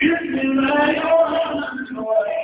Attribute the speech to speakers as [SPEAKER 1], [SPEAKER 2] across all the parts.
[SPEAKER 1] Give me my own joy.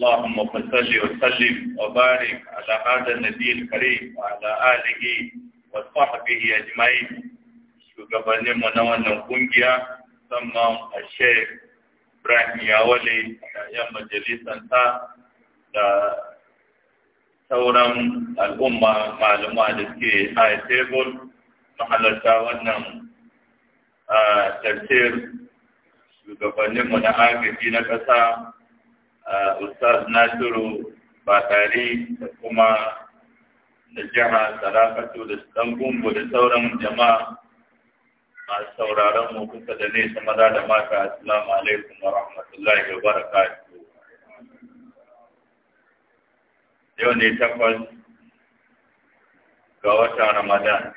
[SPEAKER 2] اللهم صل وسلم وبارك على هذا النبي الكريم وعلى آله وصحبه na wannan kungiya musamman a Sheikh Yawale da yan majalisan ta da sauran al'umma malama da suke a tebur mahalarta wannan tafsir shugabannin na na ƙasa Ustaz Nasiru Bakari da kuma da jiha Sarafatu da Stangungu da sauran jama'a masu sauraron mu kusa da nesa maza da mata assalamu alaikum wa rahmatullahi wa barakatuh yau ne takwas ga watan Ramadan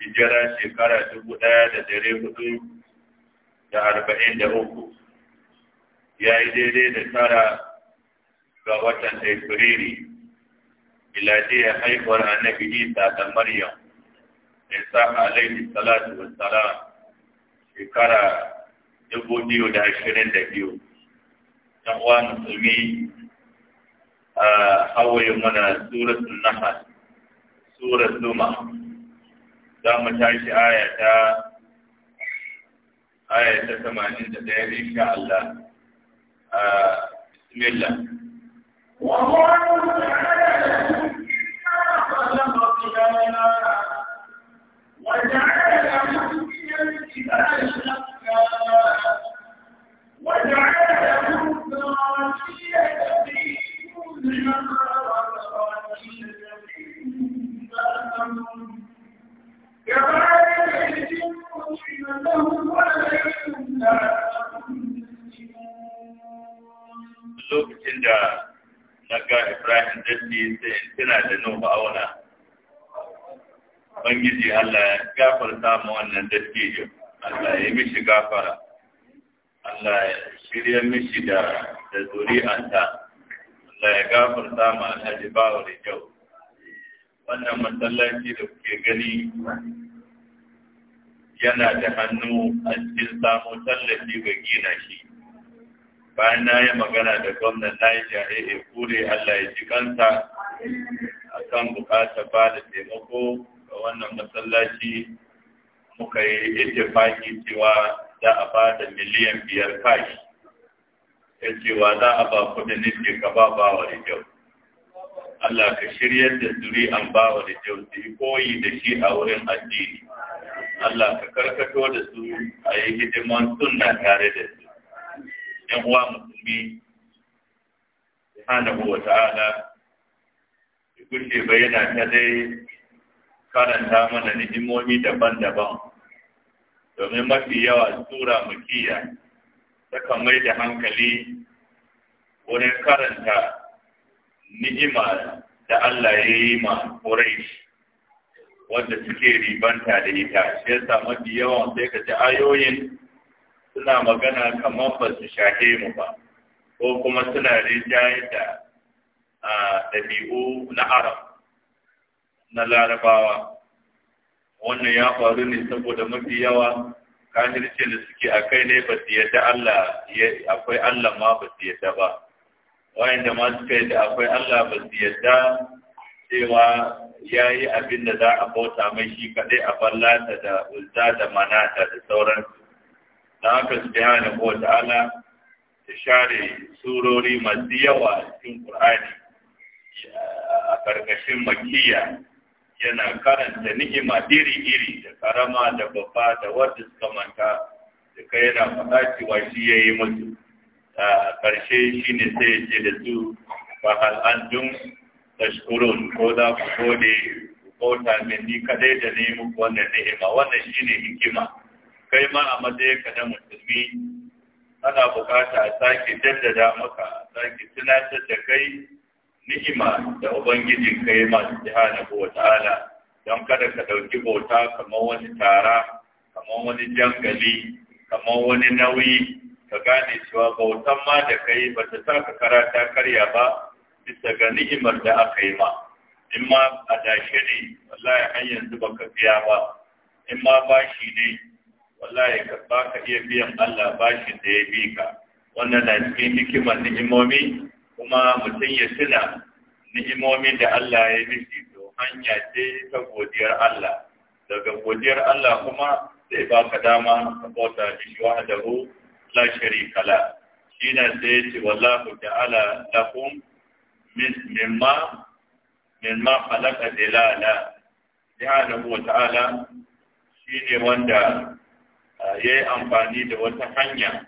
[SPEAKER 2] hijira shekara dubu ɗaya da dare hudu da arba'in da uku ya yi daidai da tara ga watan Efiriri, miladiyar haihuwar annabi Isa da Maryam, Isa alaihi salatu wa salam shekara dubu biyu da ashirin da biyu. Ɗan uwa musulmi a hawaye mana suratun Nahal, surat Zuma, za mu tashi aya ta aya ta 81 insha Allah. آه، بسم الله samu wannan wannan dattijo Allah ya mishi gafara Allah ya shirya mishi da da zuri'anta Allah ya gafarta ma Alhaji Bawo da kyau wannan masallaci da kuke gani yana da hannu a cikin samun tallafi ga gina shi bayan na yi magana da gwamnan Niger AA kure Allah ya ji kanta a kan bukatar ba da taimako ga wannan masallaci muka yi ittifaki cewa za a ba da miliyan biyar kashi ya cewa za a ba kudin ne ka ba ba wa rijau Allah ka shirya da zuri an ba wa rijau su yi koyi da shi a wurin addini Allah ka karkato da su a yi hidiman sunna tare da su yan uwa musulmi ana wa ta'ala kushe bayyana ta dai karanta mana ni'imomi daban-daban domin mafi yawa sura makiya takan mai da hankali wurin karanta ni'ima da Allah ya yi ma Quraysh wanda suke ribanta da ita shi yasa mafi yawan sai ka ji ayoyin suna magana kamar ba su shahe mu ba ko kuma suna rinjaye da ɗabi'u na arab na larabawa wannan ya faru ne saboda mafi yawa kafircin da suke a kai ne ba su yadda Allah akwai Allah ma ba su yadda ba wayanda ma suka yadda akwai Allah ba su yadda cewa ya yi abin da za a bauta mai shi kaɗai a ballata da uzza da manata da sauransu da haka su biya da ta'ala da share surori masu yawa cikin ƙur'ani a ƙarƙashin makiyya. yana karanta ni'ima iri-iri da karama da babba da wadda suka manta da kai yana faɗa cewa shi ya yi musu a ƙarshe shi ne sai ya ce da su ba al'adun tashkurun ko za ku gode ku min ni kadai da ne muku wannan ni'ima wannan shi ne hikima kai ma a matsayin ka na musulmi ana bukata a sake jaddada maka a sake tunatar da kai ni'ima da ubangijin kai masu jihana ko ta'ala don kada ka ɗauki bauta kamar wani tara kamar wani jangali kamar wani nauyi ka gane cewa bautan ma da kai ba ta sa ka karata karya ba bisa ga ni'imar da aka yi ma in ma a dashe ne wallahi har yanzu ba ka biya ba in ma bashi ne wallahi ka ba ka iya biyan Allah bashin da ya bi ka wannan na cikin hikimar ni'imomi kuma mutum ya tuna ni'imomin da Allah ya miki to hanya ce ta godiyar Allah daga godiyar Allah kuma zai baka dama ka bauta shi wahdahu la sharika la shine sai ya ce wallahu ta'ala min mimma mimma khalaqa dilala ya wa ta'ala shine wanda eh, ya yi amfani da wata hanya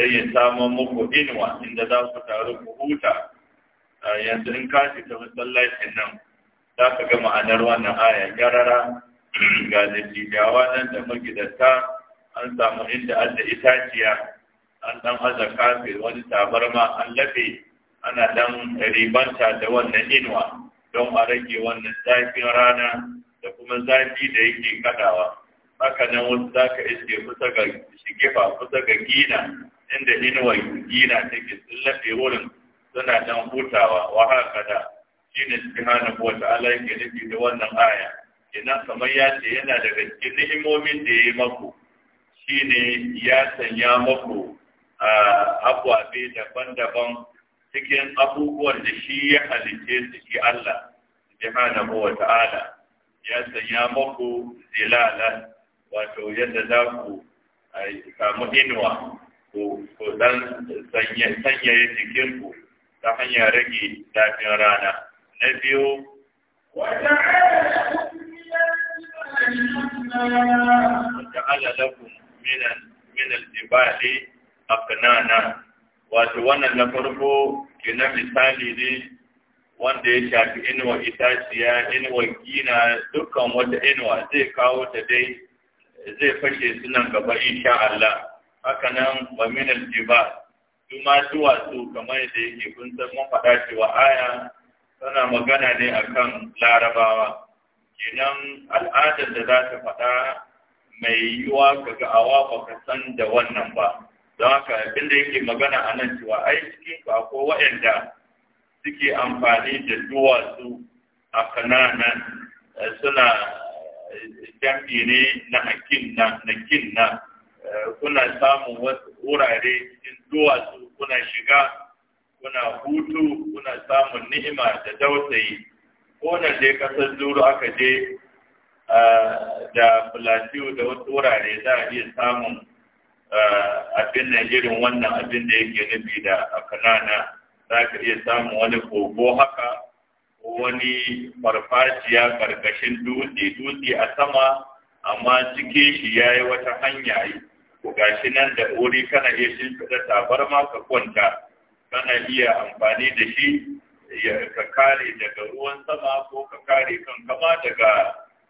[SPEAKER 2] sai ya samun muku inuwa inda za ku taru ku huta yanzu in ka fita masallacin nan za ka ga ma'anar wannan aya gyarara ga dattijawa nan da magidanta an samu inda an da itaciya an dan aza kafin wani tabarma an lafe ana dan ribanta da wannan inuwa don a rage wannan zafin rana da kuma zafi da yake kadawa haka nan wasu za ka iske kusa ga shigifa kusa ga gina inda inuwar gina take tsallafe wurin suna dan hutawa wa haka da shi ne subhanahu wa ta'ala yake nufi da wannan aya idan kamar ya ce yana daga cikin ni'imomin da ya yi maku shi ne ya sanya maku abuwabe daban-daban cikin abubuwan da shi ya halice su shi Allah subhanahu ala ya sanya maku zilalan wato yadda za ku samu inuwa ku dan sanyaye ku ta hanyar rage zafin rana. Na biyu, wata alalakun minal jibali a kanana, wato wannan na farko na misali ne wanda ya shafi inuwa itaciya, inuwa gina dukkan wata inuwa zai kawo ta dai zai fashe sunan gaba in sha Allah. haka nan wa min al-jibal kuma duwatsu kamar da yake kun san mun faɗa cewa aya tana magana ne akan larabawa kenan al'adar da za ta faɗa mai yiwuwa kaga awa ba ka san da wannan ba don haka abin da yake magana a nan cewa ai cikin ba akwai waɗanda suke amfani da duwatsu a kananan suna eh, jam'i ne na hakin na na Eh, kuna samun wurare cikin duwatsu kuna shiga kuna hutu kuna samun ni'ima da dausayi ko da dai kasar zuru aka je eh, da plateau da wasu wurare za a iya samun eh, abin nan irin wannan abin da yake nufi da a kanana za ka iya samun wani kogo haka ko wani farfajiya karkashin dutse dutse a sama amma cikin shi ya yi wata hanya ko gashi nan da wuri kana iya tabar tabarma ka kwanta kana iya amfani da shi ka kare daga ruwan sama ko ka kare kan kama daga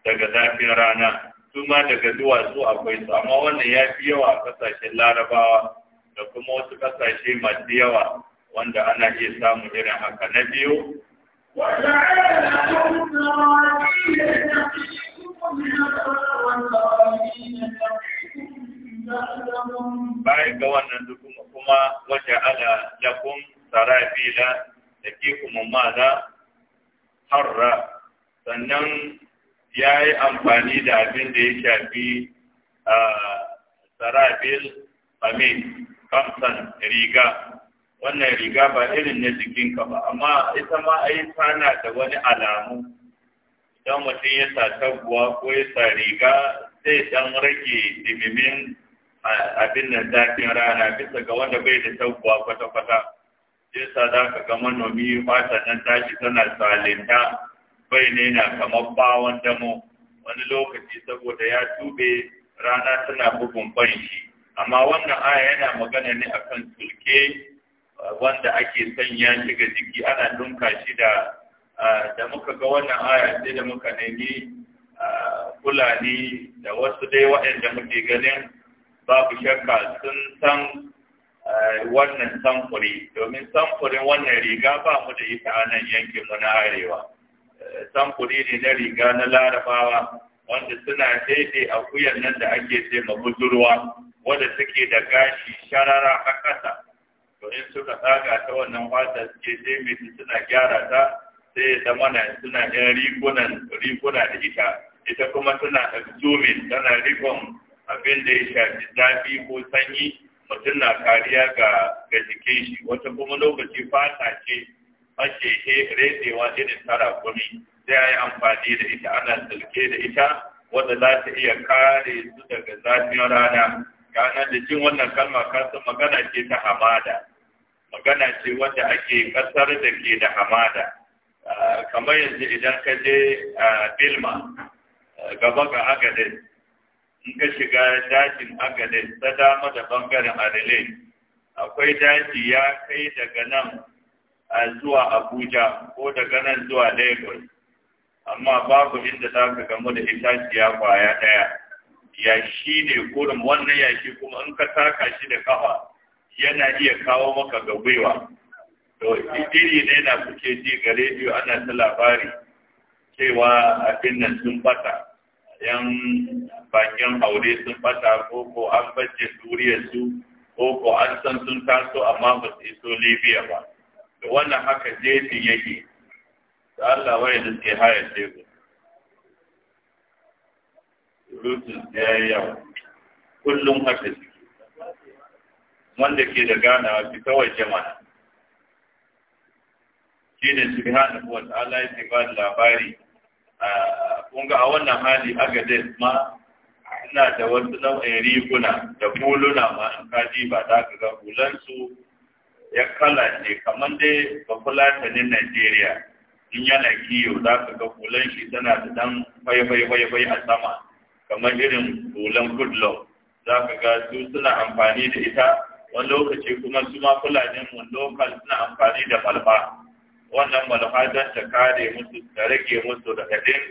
[SPEAKER 2] daga zafin rana su ma daga duwatsu akwai su amma wannan ya fi yawa a ƙasashen larabawa da kuma wasu ƙasashe masu yawa wanda ana iya samu irin haka na biyu
[SPEAKER 1] وجعلنا bayan
[SPEAKER 2] ga wannan duk kuma wata ala lakum sarabila da ke kuma harra sannan ya yi amfani da abin da ya shafi a sarabil amin kamsan riga wannan riga ba irin na jikinka ba amma ita ma a yi tana da wani alamu idan mutum ya sa tabuwa ko ya sa riga zai dan rage dimimin abin nan zafin rana bisa ga wanda bai da taukuwa kwata-kwata yasa za ka ga manomi fata nan tashi tana salinta bai ne na kamar bawon damo wani lokaci saboda ya tube rana tana bugun ban shi amma wannan aya yana magana ne akan sulke wanda ake sanya shi ga jiki ana dunka shi da da muka ga wannan aya sai da muka nemi fulani da wasu dai waɗanda muke ganin babu shakka sun san eh, wannan samfuri domin samfurin wannan riga ba mu da ita a nan yankin na arewa eh, samfuri ne na riga na larabawa wanda suna daidai a akuyan nan da ake ce ma budurwa wanda suke da gashi sharara a ƙasa to in suka tsaga ta wannan fata suke daidai suna gyara ta sai zama na suna yan rigunan riguna da ita ita kuma suna exumin tana rigon abin da ya shafi zafi ko sanyi mutum na kariya ga ga jikin shi wata kuma lokaci fata ce ake he irin tara gumi sai a yi amfani da ita ana silke da ita wanda za ta iya kare su daga zafin rana kana da jin wannan kalma san magana ce ta hamada magana ce wanda ake kasar da ke da hamada ah, kamar yanzu idan ka je ah, bilma ah, gaba ga agadin in ka shiga dajin agalin ta dama da bangaren arile akwai daji ya kai daga nan a zuwa abuja ko daga nan zuwa lagos amma babu inda za ka gamu da itaciya kwaya ɗaya yashi ne kurum wannan yashi kuma in ka taka shi da kafa yana iya kawo maka ga gwiwa to iri ne na kuke ji ga rediyo ana ta labari cewa abin nan sun bata yan bakin aure sun bata ko ko an bace su ko ko an san sun taso amma ba su iso libya ba da wannan haka jefin yake da Allah waye da suke haya tebur rutun ya yi yawa kullum haka suke wanda ke da gana fi kawai jama'a shi ne su bi hana kuwa ta Allah ya ba da labari a kunga a wannan hali agadez ma suna da wasu nau'in riguna da huluna ma in ka ji ba za ka ga hulansu ya kala ne kamar dai ba fulatanin Najeriya in yana kiyo za ka ga hulan shi tana da dan bai-bai-bai a sama kamar irin hulan goodlaw za ka ga su suna amfani da ita wani lokaci kuma su ma fulanin mun lokal suna amfani da malfa wannan malfa don ta kare musu ta rage musu daga din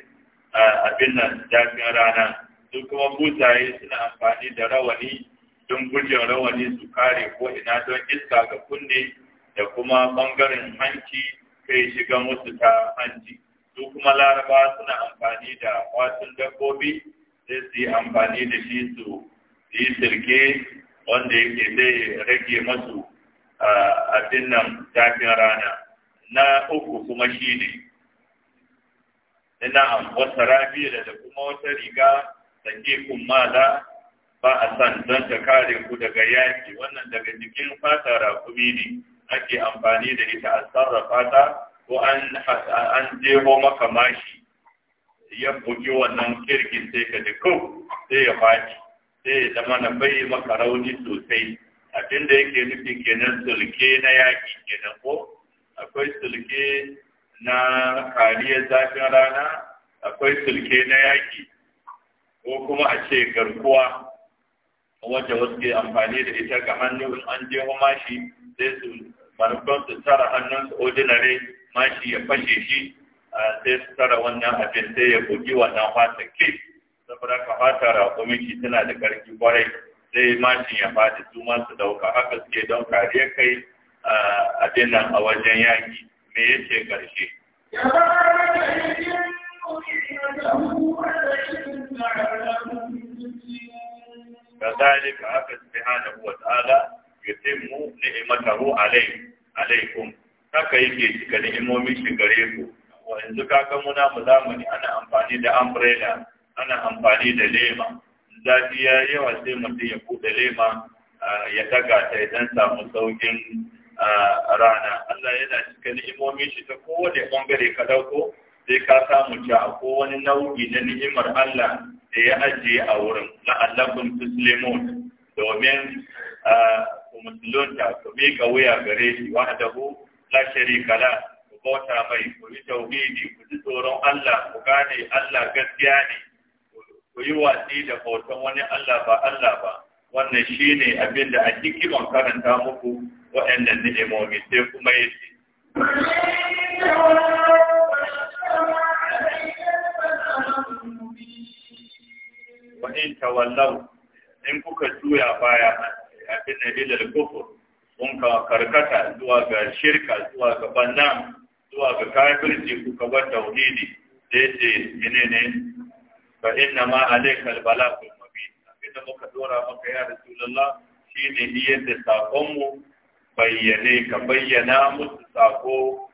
[SPEAKER 2] abin nan jafin rana su kuma buzaye suna amfani da rawani don gujin rawani su kare ko ina don iska ga kunne da kuma bangaren hanci kai shiga musu ta hanci su kuma laraba suna amfani da watun dabbobi sai su yi amfani da shi su yi sirke wanda yake zai rage masu abin nan tafin rana na uku kuma shi ne ina wata rabiya da kuma wata riga sake kun mala ba a san don ta kare ku daga yaki wannan daga jikin fata rakumi ne ake amfani da ita a sarrafa ta ko an jeho maka mashi ya bugi wannan kirkin sai ka ji kau sai ya faci sai ya zama na bai maka rauni sosai abin da yake nufi kenan sulke na yaki kenan ko akwai sulke na kariyar zafin rana akwai sulke na yaki ko kuma a ce garkuwa wacce wasu ke amfani da ita ga hannu in an je mashi sai su manufan su tara hannun su ordinary mashi ya fashe shi sai su tara wannan abin sai ya bugi wannan fata ke saboda ka fata shi tana da ƙarfi kwarai sai mashin ya fata su ma su ɗauka haka suke don kariya kai abin nan a wajen yaƙi me yake ƙarshe.
[SPEAKER 1] Ya
[SPEAKER 2] كذلك عفى سبحانه وتعالى يتم نعمته عليه عليكم haka yake cika ni'imomin shi gare ku wa kaga muna mu zamani ana amfani da umbrella ana amfani da lema zafi ya yawa sai mutum ya buɗe lema ya daga ta idan samu saukin rana Allah yana cika ni'imomin shi ta kowane bangare ka ɗauko. sai ka samu cewa ko wani nau'i na ni'imar Allah da ya ajiye a wurin na Allahun Tuslimun domin ku musulunta su miƙa wuya gare shi wanda la sharika la ku bauta mai ku yi tauhidi ku ji tsoron Allah ku gane Allah gaskiya ne ku yi watsi da bautan wani Allah ba Allah ba wannan shi ne abin da a hikiman karanta muku waɗannan ni'imomi sai kuma yace wa in tawallaw in kuka juya baya abin da ilal kufur kun ka karkata zuwa ga shirka zuwa ga banna zuwa ga kafirci kuka bar tauhidi da yace menene fa inna ma alaikal balagul mubin abin da muka dora maka ya rasulullah shine niyyar da sakon bayyane ka bayyana musu sako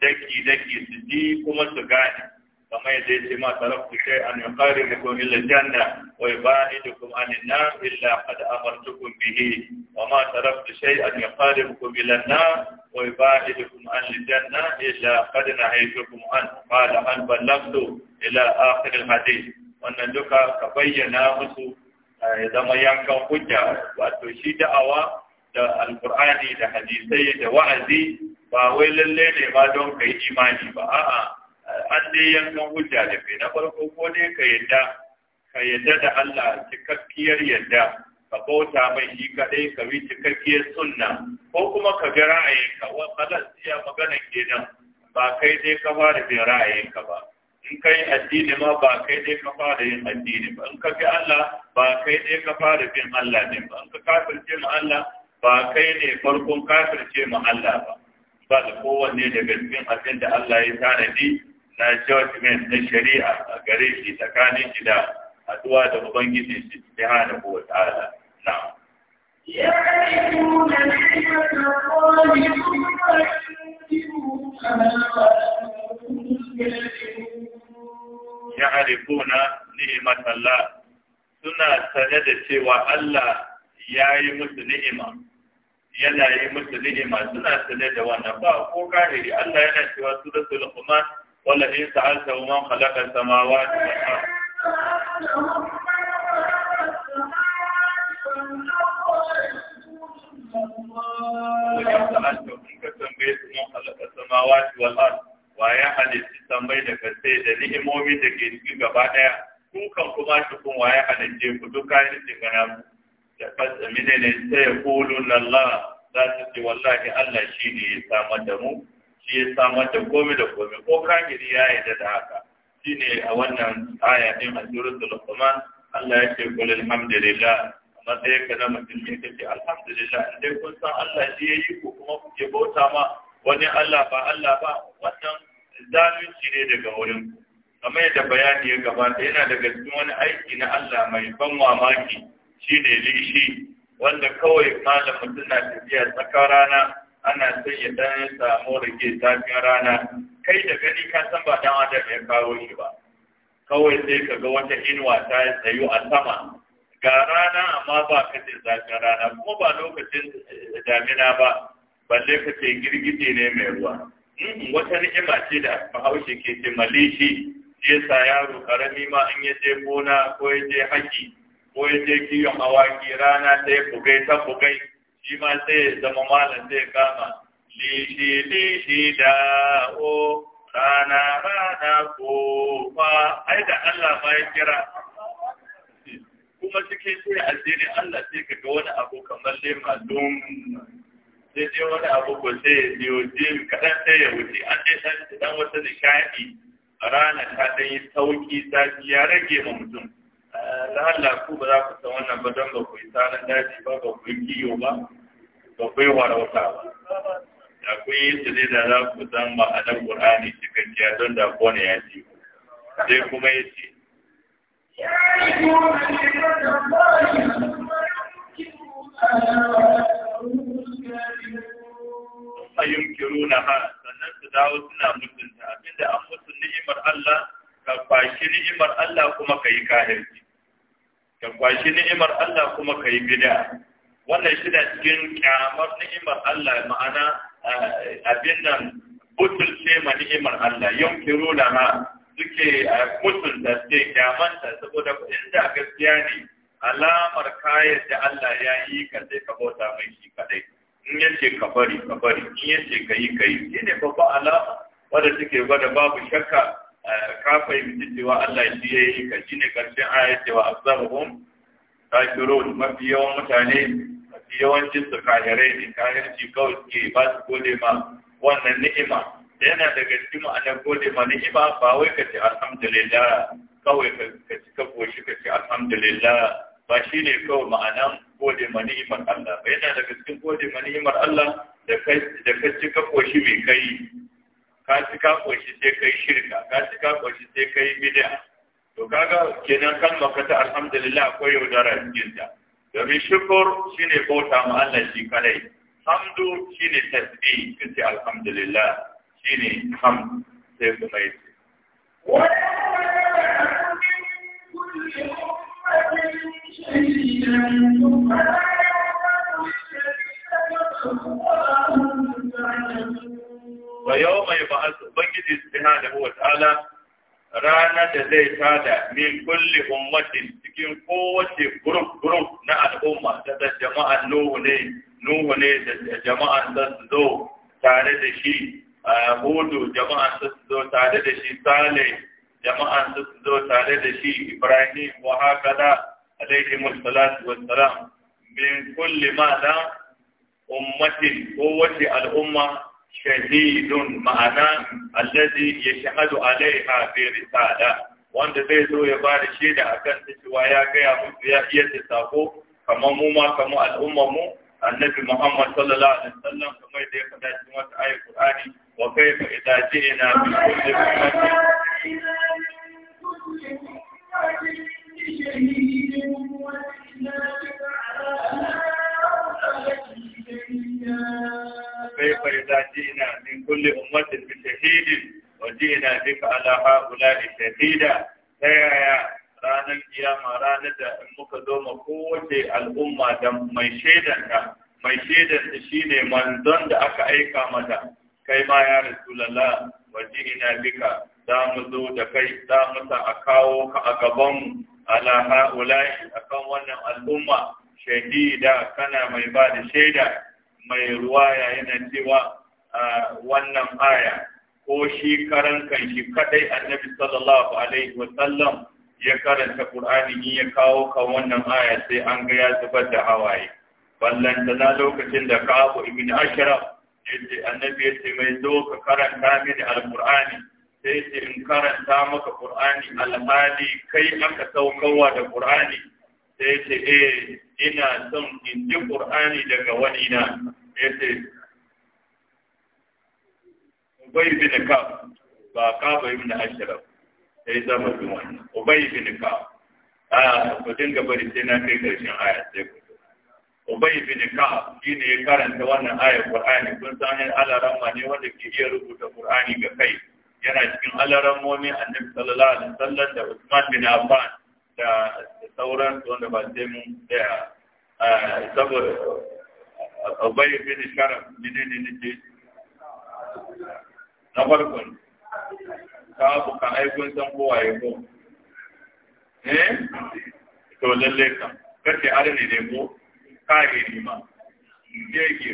[SPEAKER 2] daki daki su ji kuma su gane kama yadda yake ma tarabtu shay an yuqaribukum ila janna wa yubaidukum an an-nar illa qad amartukum bihi wa ma tarabtu shay an yuqaribukum ila an-nar wa yubaidukum an al-janna illa qad nahaytukum an qala an ballagtu ila akhir al-hadith wa an duka kabayyana musu da eh, ma yankan hujja wato shi da'awa da al-qur'ani da Hadisai da wa'azi ba wai lallai ne ba don kai imani ba a'a an dai yankan hujja da kai na farko ko ne ka yadda ka yadda da Allah cikakkiyar yadda ka bauta mai shi kaɗai ka bi cikakkiyar sunna ko kuma ka bi ra'ayinka wa kalas iya magana kenan ba kai dai ka fara bin ra'ayinka ba in kai addini ma ba kai dai ka fara yin addini ba in ka bi Allah ba kai dai ka fara bin Allah ne ba in ka kafirce ma Allah ba kai ne farkon kafirce ma Allah ba ba da kowanne daga cikin abin da Allah ya tanadi na judgment na shari'a a gare shi tsakanin shi da haduwa da ubangiji shi ta hana ko ta'ala na
[SPEAKER 1] ya ayyuna
[SPEAKER 2] ya arifuna ni'imat Allah suna sane da cewa Allah ya yi musu ni'ima yana yi musu ni'ima suna sane da wannan ba ko kare Allah yana cewa su suratul Luqman ولئن سألته من خلق السماوات والأرض samawati wal ard wa ya halitta tambayi da kasai da ni'imomi da ke cikin gaba daya ku kan kuma shi kun wa ya halitta ku duk kayan da kana mu da fasa mine ne sai kulun Allah za su ce wallahi Allah shi ne ya samar da mu shi ya samar da komai da komai ko kafiri ya yi da haka ne a wannan aya ne a suratul luqman Allah ya ce qul alhamdulillah amma sai ka na mutum ya kace alhamdulillah in dai kun san Allah shi ya yi ko kuma ku ke bauta ma wani Allah ba Allah ba wannan zalunci ne daga wurin kamar yadda bayani ya gabata yana daga cikin wani aiki na Allah mai ban mamaki Shi ne lishi wanda kawai malamin mutum na tafiya tsakar rana ana son ya dan samu rage zafin rana kai da gani ka san ba dan da ya kawo shi ba kawai sai ka ga wata inuwa ta tsayu a sama ga rana amma ba ka ce zafin rana kuma ba lokacin eh, damina ba balle ka ce girgije ne mai ruwa mm, wata ni'ima ce da bahaushe ke ce malishi shi sa yaro karami ma in ya je gona ko ya je haki ko ya je awaki rana ta bugai ta bugai shi ma sai zama malam zai kama lishi lishi da o rana rana ko fa ai da Allah ma ya kira kuma cikin sai jere Allah sai ka ga wani abu kamar lema dum sai dai wani abu ko sai ya biyo jim kaɗan sai ya wuce an sai sai dan wata nishaɗi rana ta ɗan yi sauƙi ta ya rage ma mutum ta eh, la'alla ku ba za ku san wannan ba don ba ku yi tsarin daji ba ba ku yi kiyo ba ba ku yi warauta ba da ku yi su ne da za ku san ma'anar ƙur'ani cikakkiya don da kone ya ce sai kuma ya ce a yi yunkiru na ha sannan su dawo suna mutunta abinda an mutu ni'imar Allah ka kwashi ni'imar Allah kuma ka yi kahirci kwashi ni'imar Allah kuma ka yi bida wannan shi da cikin kyamar ni'imar Allah ma'ana eh, abin nan butulce ma ni'imar Allah yankiru ma suke eh, mutunta suke ta saboda da gaskiya ne alamar kayan da Allah ya yi ka sai ka bauta mai shi kadai in yace ka bari ka bari in yace ka yi ka yi shine babba alama wanda suke gwada babu shakka eh, ka fahimci cewa Allah shi ya yi ka shine karshen ayat cewa azabahum kafirun mafi yawan mutane mafi yawancin su kahirai ne kahirci kawai suke ba su gode ma wannan ni'ima da yana daga cikin ma'anar gode ma ni'ima ba wai ka ce alhamdulillah kawai ka ci ka goshi ka ce alhamdulillah ba shi ne kawai ma'anar gode ma ni'imar Allah ba yana daga cikin gode ma ni'imar Allah da ka ci ka goshi mai kai ka ci ka koshi sai kai shirka ka ci ka koshi sai kai bid'a to kaga kenan kan makata alhamdulillah ko akwai yaudara cikin ta domin shukur shine bauta ma Allah shi kadai hamdu shine tasbih kace alhamdulillah shine ham sai kuma
[SPEAKER 1] yi
[SPEAKER 2] ويوم يبعث بنجد سبحانه وتعالى ranar da zai tada min kulli ummatin cikin kowace gurup gurup na al'umma da da jama'an Nuhu ne Nuhu ne da jama'an da su zo tare da shi Hudu jama'an su zo tare da shi jama'a jama'an su zo tare da shi Ibrahim wa hakada alaihi musallatu wassalam min kulli ma da ummatin kowace al'umma shahidun ma'ana allazi yashhadu alaiha fi risala wanda zai zo ya bada da akan ta cewa ya gaya musu ya iya ta sako kamar mu ma kamar al'ummar mu annabi Muhammad sallallahu alaihi wasallam kamar da ya faɗa cikin wata ayar Qur'ani wa kayfa idza ji'na
[SPEAKER 1] bi kulli ummatin
[SPEAKER 2] فكيف إذا جئنا من كل أمة بشهيد وجئنا بك على هؤلاء شهيدا فيا ranar kiyama ranar da in muka zo ma kowace al'umma da mai shaidanta mai shaidanta shine manzon da aka aika mata kai ma ya rasulullah waje ina bika za mu zo da kai za mu sa a kawo ka a gaban ala ha'ulai akan wannan al'umma shahida kana mai ba da shaida mai ruwa ruwaya yana cewa ah, wannan aya ko shi karan kan shi kadai annabi sallallahu alaihi wa sallam ya karanta Qur'ani in ya kawo kan wannan aya sai an ga ya zubar da hawaye da na lokacin da kafu ibn Ashraf yace annabi yace mai zo ka karanta mini al sai yace in karanta maka Qur'ani alhali kai aka saukowa da Qur'ani sai ce e, ina son in ji ƙur'ani daga wani na ce ubay bin kaf ba kaf ibn ashraf sai zama wannan ubay bin kaf a ah, kudin dinga bari sai na kai karshen aya sai ku ubay bin kaf ne ya karanta wannan aya ƙur'ani kun san ai alarama ne wanda ke iya rubuta ƙur'ani ga kai yana cikin alarammomi annabi sallallahu alaihi wasallam da Usman bin Affan da sauran wanda ba sai mun tsaya saboda bai bin shara menene ne ce na farkon ka buka aikun san kowa ya ko eh to lalle ka kace adane ne ko ka yi ni ma yake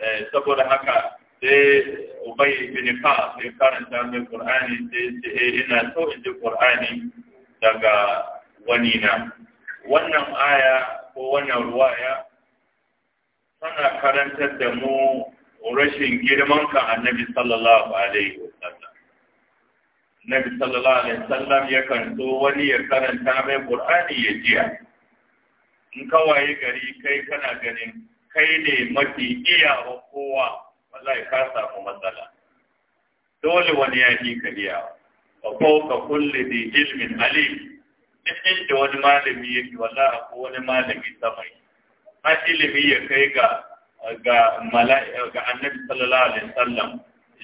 [SPEAKER 2] eh saboda haka sai ubai bin ka sai karanta mai qur'ani sai ce eh ina so in ji qur'ani daga wani na wannan aya ko wannan ruwaya tana karantar da mu rashin girman ka annabi sallallahu alaihi wasallam nabi sallallahu alaihi wasallam ya so wani ya karanta mai qur'ani ya jiya in kawai gari kai kana ganin kai ne mafi iyawa kowa wallahi ka samu matsala dole wani ya yi kariya wa fawqa kulli dhi ilmin alim inda wani malami yake wallahi ko wani malami sama har ilimi ya kai ga ga mala'ika ga annabi sallallahu alaihi wasallam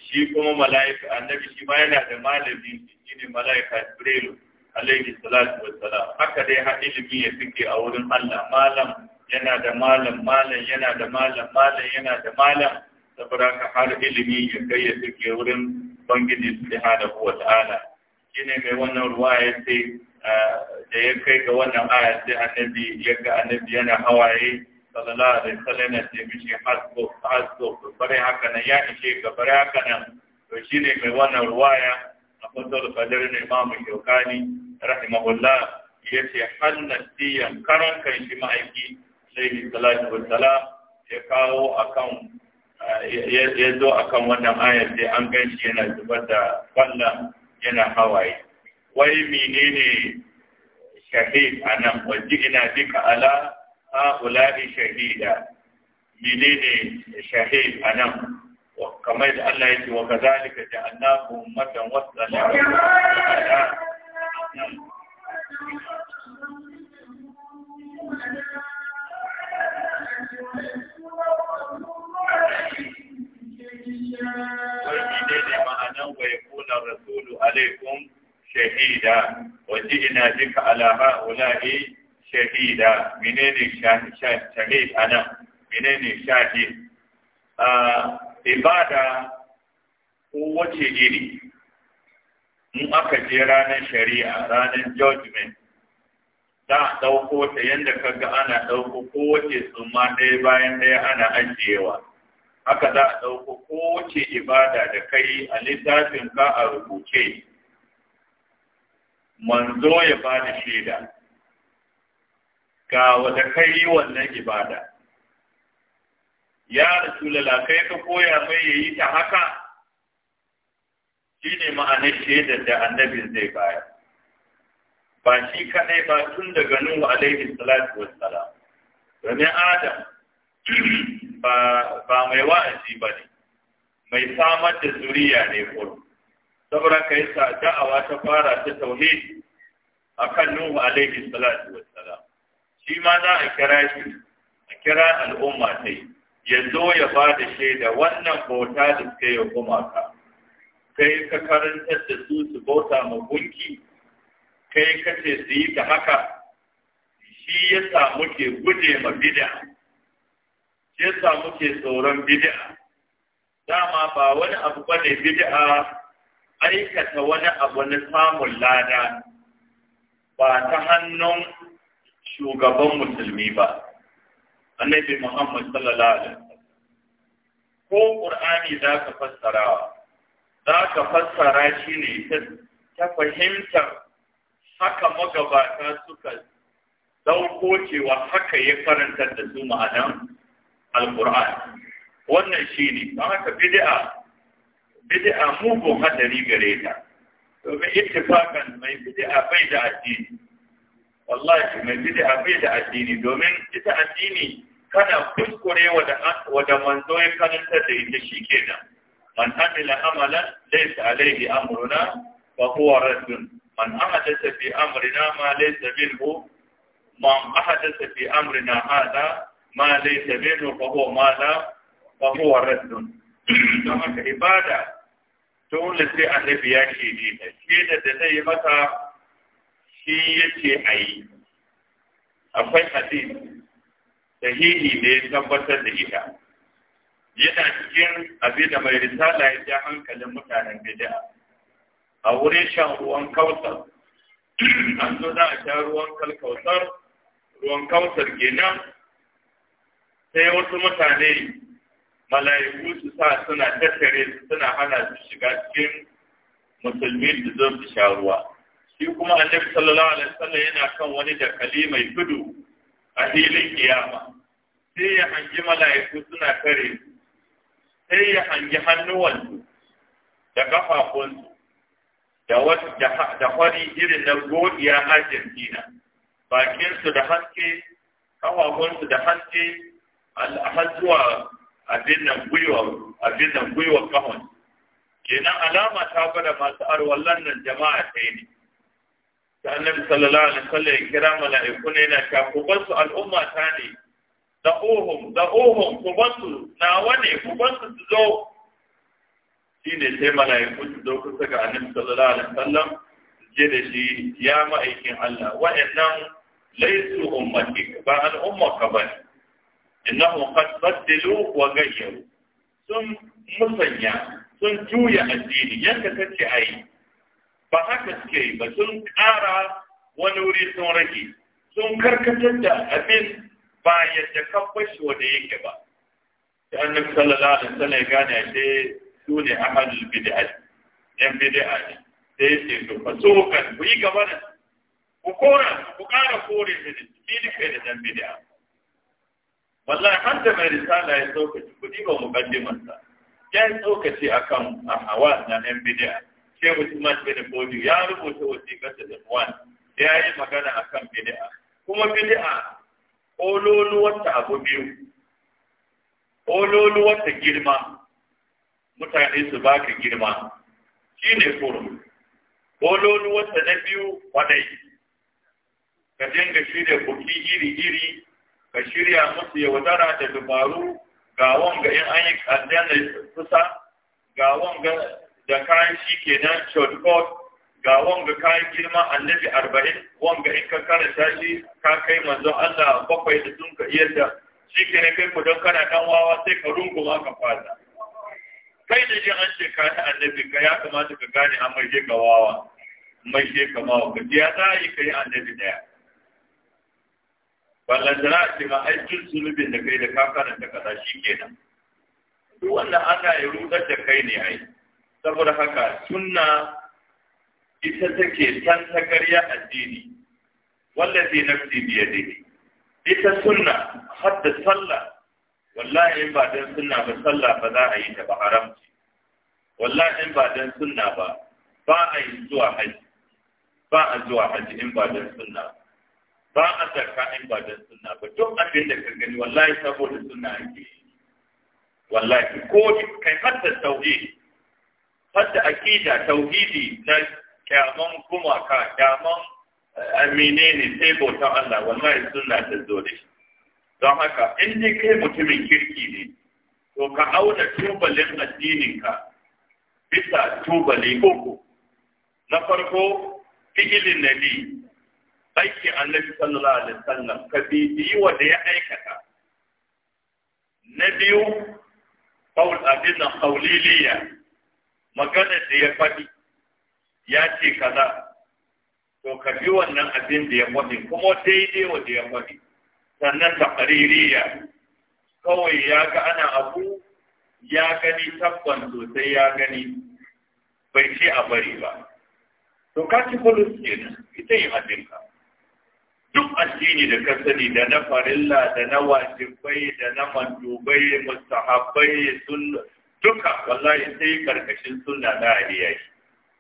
[SPEAKER 2] shi kuma mala'ika annabi shi ma yana da malami ne mala'ika jibril alaihi salatu wassalam haka dai har ilimi ya fike a wurin Allah malam yana da malam malam yana da malam malam yana da malam saboda ka har ilimi ya kai ya suke wurin bangiji subhanahu wa ta'ala Shi ne mai wannan ruwa ya ce ah, da ya kai ga wannan aya sai annabi ya ga annabi yana hawaye sallallahu alaihi wasallam ya ce mishi hasbu hasbu bare haka nan ya ishe ga bare haka nan to ne mai wannan ruwaya a fadar fadar ne imamu shaukani rahimahullah ya ce hannasiyan karan kan shi ma'aiki alaihi salatu wassalam ya kawo akan ya zo a kan wannan ayar sai an gan shi yana zubar da falla yana hawaye wai menene shahid a nan wajen ina duka ala ha'ula'i shahida menene shahid a nan kamar da Allah ya ce wa kazalika ja'alnahu ummatan wasala Thank you. والمدين معنا ويكون الرسول عليكم شهيدا وجئنا بك على هؤلاء شهيدا منين شهيد أنا منين شاهد ibada kowace iri in aka je ranar shari'a ranar judgment za a ɗauko ta yadda kaga ana ɗauko kowace tsumma ɗaya bayan ɗaya ana ajiyewa haka za a ɗauko kowace ibada da kai a littafin ka a rubuce manzo ya ba da shaida ga wata kai wannan ibada ya rasu kai ka koya mai yi ta haka shi ne ma'anar shaidar da annabin zai baya. ba shi kaɗai ba tun daga Nuhu alaihi salatu salam. Ramin Adam ba mai wa'azi ba ne mai samar da zuriya ne ko? saboda ka yi da'awa ta fara ta tauhid Akan kan nuhu alaihi salatu wassalam shi ma za a kira shi a kira al'umma ta yi ya zo ya ba da shaida wannan bauta da suka yi gumaka kai ka karantar da su su bauta ma gunki kai ka ce su yi ta haka shi ya samu ke guje ma bid'a yasa muke tsoron bid'a dama ba wani abu bane bid'a aikata wani abu na samun lada ba ta hannun shugaban musulmi ba annabi Muhammad sallallahu alaihi ko qur'ani za ka fassara za ka fassara shi ne ta fahimtar haka magabata suka dauko cewa haka ya karanta da su ma'anan alquran wannan shi shine don haka bid'a bid'a mugun hadari gare ta domin ittifakan mai bid'a bai da addini wallahi mai bid'a bai da addini domin ita addini kana kuskure wada manzo ya karantar da ita shi ke nan. man amila amalan laysa alayhi amruna ba kowa raddun man ahadatha fi amrina ma laysa minhu man ahadatha fi amrina hadha ma zai minhu fa huwa ma la fa huwa raddun don haka ibada dole sai annabi ya ce ne da shi da da zai mata shi a yi. akwai hadisi sahihi ne ya tabbatar da ita yana cikin abin da mai risala ya ja hankalin mutanen gida. a wurin shan ruwan kautsar an zo za a sha ruwan kalkautar ruwan kautsar kenan sai wasu mutane mala'iku su sa suna tattare suna hana su shiga cikin musulmi da zo su sha ruwa shi kuma annabi sallallahu alaihi wasallam yana kan wani dakali mai gudu a filin kiyama sai ya hangi mala'iku suna kare sai ya hangi hannuwansu da kafafunsu da wasu da kwari irin na godiya Argentina bakinsu da haske kafafunsu da haske har zuwa abin nan gwiwa abin nan gwiwa kenan alama ta gwada masu arwallon nan jama'a ta ne ta annabi sallallahu alaihi wasallam ya kira mala'iku ne yana sha. ku bar su al'umma ta ne da ohun da ohun ku bar su nawa ne ku bar su su zo ne sai mala'iku su zo kusa ga annabi sallallahu alaihi wasallam je da shi ya ma'aikin Allah wa'annan laisu ummati ba al'umma ka bane innahu qad baddalu wa ghayyaru sun musanya sun juya addini yadda kace ai ba haka suke ba sun ƙara wani wuri sun rage sun karkatar da abin ba yadda kan bashi wanda yake ba da annabi sallallahu alaihi wasallam ya gane ashe su ne ahlul bid'ah yan bid'ah ne sai ce to fasukan ku yi gaba da ku kora ku ƙara kore da ne bid'ah da dan bid'ah wallahi har da mai risala ya tsokaci kuɗi ba mukaddimansa ya yi tsokaci a kan a hawa na yan bidiya wasu mutumar bin bodi ya rubuta wasiƙarsa da wani ya yi magana a kan bidiya kuma bidiya ƙololuwarta abu biyu ƙololuwarta girma mutane su baka girma shi ne kurum ƙololuwarta na biyu kwadai ka dinga shi da buki iri-iri ka shirya musu yaudara da dubaru ga wanga in an yi aljanna kusa ga wanga da kayan shi nan shortcut ga wanga kayan girma annabi arba'in wanga in ka karanta shi ka kai manzon Allah bakwai da sun ka iya da shi ne kai ku don kana dan wawa sai ka runguma ka fada kai da ji an shekara ta annabi ka ya kamata ka gane an mai ka wawa mai ka mawa ka ya za yi ka yi annabi daya ballantana ce ma aikin zunubin da kai da ka karanta kaza shi kenan duk wannan ana yi rudar da kai ne ai saboda haka sunna ita take san ta karya addini wallazi nafsi biyadihi ita sunna hadda sallah wallahi in ba dan sunna ba sallah ba za a yi ta ba haramci wallahi in ba dan sunna ba ba a yi zuwa haji ba a zuwa haji in ba dan sunna ba ba a zakka in ba don suna ba duk abin da ka gani wallahi saboda suna ake wallahi ko kai hatta tauhi hatta akida tauhidi na kyaman ka, kyaman amine eh, ne sai bautan Allah wallahi suna ta zo da shi don haka in dai kai mutumin kirki ne to ka auna tubalin addininka bisa tubali uku na farko fi'ilin nabi aikin annabi sallallahu alaihi wasallam ka bibiyi wanda ya aikata na biyu qaul abin qauliliya magana da ya faɗi ya ce kaza to ka bi wannan abin da ya faɗi kuma daidai wanda ya faɗi sannan taqririya kawai ya ga ana abu ya gani tabban sosai ya gani bai ce a bari ba to ka ci bulus kenan ita yin abinka duk addini da ka sani da na farilla da na wajibai da na mandubai mustahabbai sun duka wallahi sai karkashin sunna na aliya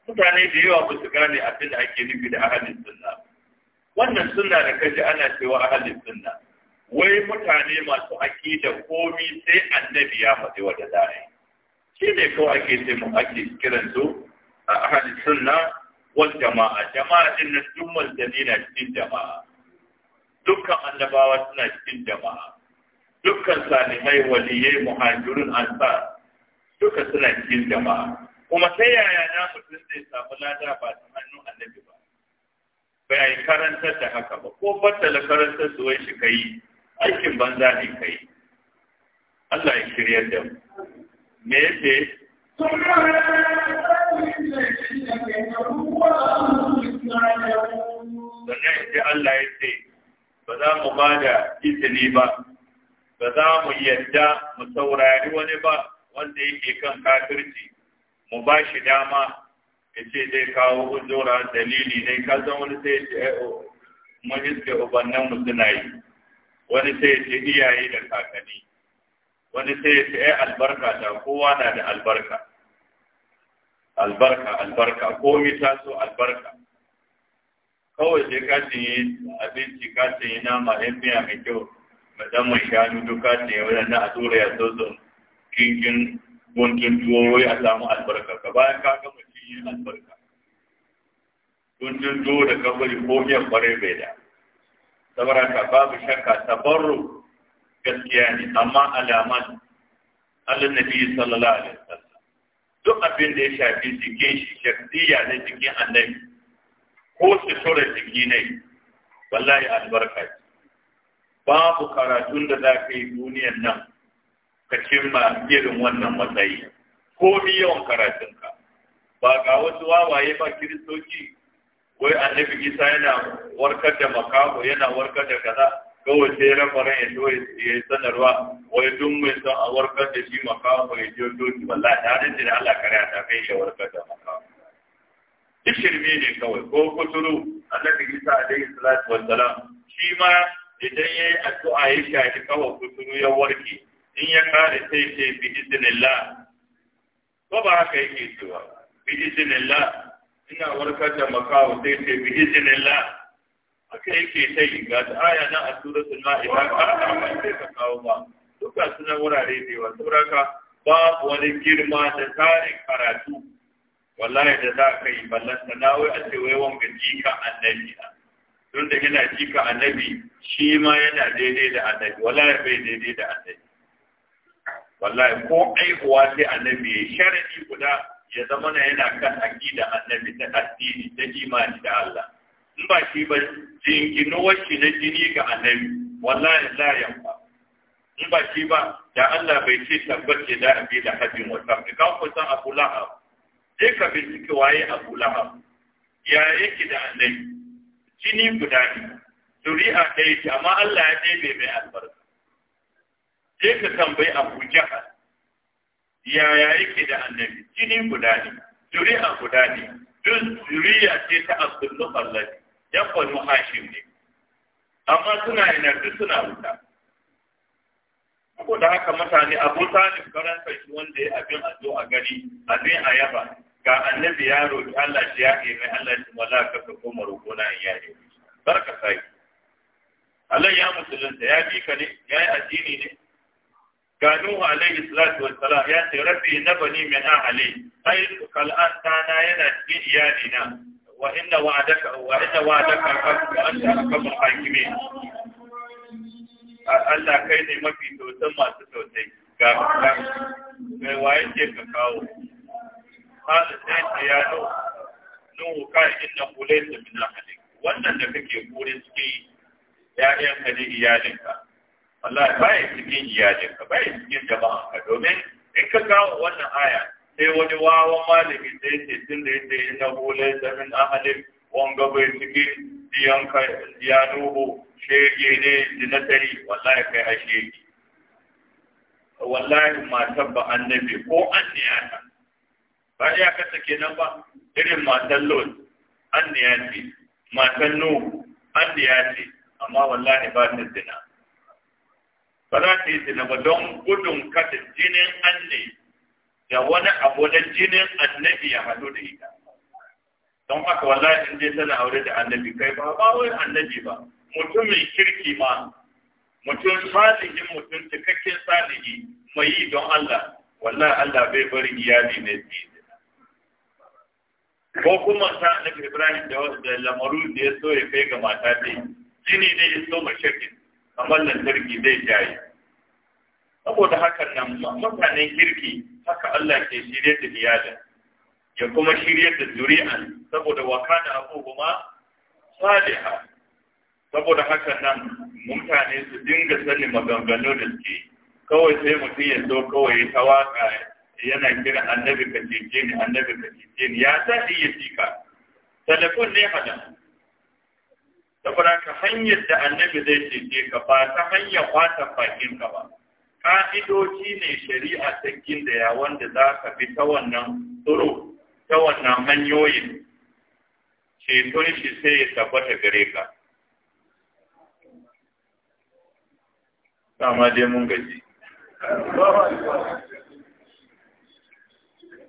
[SPEAKER 2] mutane da yawa ba su gane abin da ake nufi da ahalin sunna wannan sunna da kaji ana cewa ahalin sunna wai mutane masu da komi sai annabi ya faɗi wa da za'a shi ne ko ake sai mu ake kiran su a ahalin sunna wal jama'a jama'a din nan duk dalila cikin jama'a dukkan annabawa suna cikin jama'a dukkan salihai waliyai muhajirun ansar duka suna cikin jama'a kuma ta yaya na mutum zai samu lada ba ta hannun annabi ba bai karantar da haka ba ko battala karantar su wai shi kai aikin banza ne kai Allah ya shiryar da mu me yake
[SPEAKER 1] sannan ya
[SPEAKER 2] ce Allah ya ce ba za mu ba da izini ba ba za mu yadda mu saurari wani ba wanda yake kan kafirci mu ba shi dama ya ce zai kawo uzura dalili ne ka san wani sai ce eh, oh, mun iske ubannin mu suna yi wani sai ce iyaye da kakanni wani sai ya ce ai eh, albarka da kowa na da albarka albarka albarka komi taso albarka kawai sai ka cinye abinci ka yi nama ya fiya mai kyau musamman shanu duk ka cinye wajen a tura ya soso kinkin guntun tuwo a samu albarka ka bayan ka gama cinye albarka guntun tuwo da kabari ko yin kwarai bai da saboda ka babu shakka tabarru gaskiya ne amma alaman Allah Nabi sallallahu alaihi wasallam duk abin da ya shafi jikin shi shakhsiya na jikin annabi ko sutura jiki ne wallahi albarka ce babu karatun da za ka yi duniyan nan ka cimma irin wannan matsayi ko ni yawan karatunka ba ga wasu wawaye ba kiristoci wai annabi isa yana warkar da makaho yana warkar da kaza kawai sai rafaran ya zo ya yi sanarwa wai duk mai son a warkar da shi makaho ya je doki wallahi ta rinta da Allah kare ta kai ya warkar da makaho shirme ne kawai ko kuturu A annabi Isa alaihi salatu wassalam shi ma idan ya yi addu'a ya shafi kawai kuturu ya warke in ya kare sai ce bi idnillah ko ba haka yake cewa bi idnillah ina warkar da makawo sai ce bi idnillah haka yake yi ga aya na a suratul ma'ida ka ba sai ka kawo ba duka suna wurare ne wa saboda babu wani girma da tarin karatu wallahi da za ka yi ballanta na wai an ce wai wanga jika annabi don da yana jika annabi shi ma yana daidai da annabi wallahi bai daidai da annabi wallahi ko aihuwa sai annabi sharadi guda ya zama na yana kan aqida annabi ta addini ta imani da Allah in ba shi ba jinkinu wasu na jini ga annabi wallahi la yanfa in ba shi ba da Allah bai ce tabbace da abi da hajjin wata ka kusa abu lahab sai ka bincike waye abu lahab ya yake da annabi jini guda ne zuri'a ɗaya ce amma Allah ya ɗebe mai albarka sai ka tambayi abu jahal yaya yake da annabi jini guda ne zuri'a guda ne duk zuriya ce ta abdullu ballabi ya kwanu hashim ne amma suna yana duk suna wuta saboda haka mutane abu talib karanta shi wanda ya abin a zo a gani abin a yaba ga annabi ya roƙi Allah shi ya ke mai Allah shi wala ka ka koma roƙona in ya yi barka sai Allah ya musulunta ya bi ka ne ya yi addini ne ga Nuhu alaihi salatu wa salam ya ce rabbi na bani min ahli ai kal'an tana yana cikin iyali na wa inna wa'adaka wa inna wa'adaka ka anta akmal hakimin Allah kai ne mafi tausan masu tausayi ga ga waye ce ka kawo قال سيد يا نو نو قال إنه ليس من أحدك wannan da kake burin cikin ka ne iyalinka, Allah ba cikin iyalinka, ba ya cikin jama'anka domin in ka kawo wannan aya sai wani wawan malami sai ce tun da yake yi na hulai da min ahalin wanga bai cikin ka ya nuhu shege ne dinatari wallahi kai a shege. Wallahi ma tabba annabi ko an niyata ba ya kasa kenan ba irin matan lot an da ya ce matan nu an da ya ce amma wallahi ba ta zina ba za ta yi zina ba don gudun kada jinin an ne da wani abu na jinin annabi ya hadu da ita don haka wallahi in dai tana aure da annabi kai ba ba wai annabi ba mutumin kirki ma mutum salihin mutum cikakken salihi mai yi don Allah wallahi Allah bai bari iyali ne biyu ko kuma sa annabi Ibrahim da da lamaru da ya so ya kai ga mata dai jini ne ya so shirki kamar lantarki zai jaye saboda hakan nan mutanen kirki haka Allah ke shirye da iyalin ya kuma shirye da zuri'an saboda abu kuma saliha saboda hakan nan mutane su dinga sanin maganganu da suke kawai sai mutum ya so kawai ta waka yana kira annabi ka cece ni annabi ka cece ni ya sa iya cika telefon ne hada saboda ka hanyar da annabi zai cece ka ba ta hanyar kwata bakin ka ba ka'idoci ne shari'a ta ya wanda za ka bi ta wannan tsoro ta wannan hanyoyin ceton shi sai ya tabbata gare ka dama dai mun gaji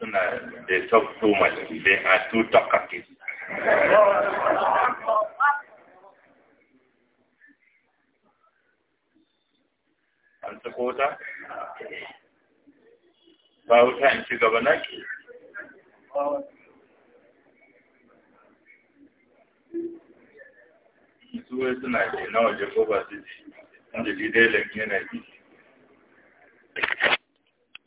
[SPEAKER 2] suna they talk too much they are too talkative an ba wuta in ci gaba na ke suwai suna ke na waje ko inda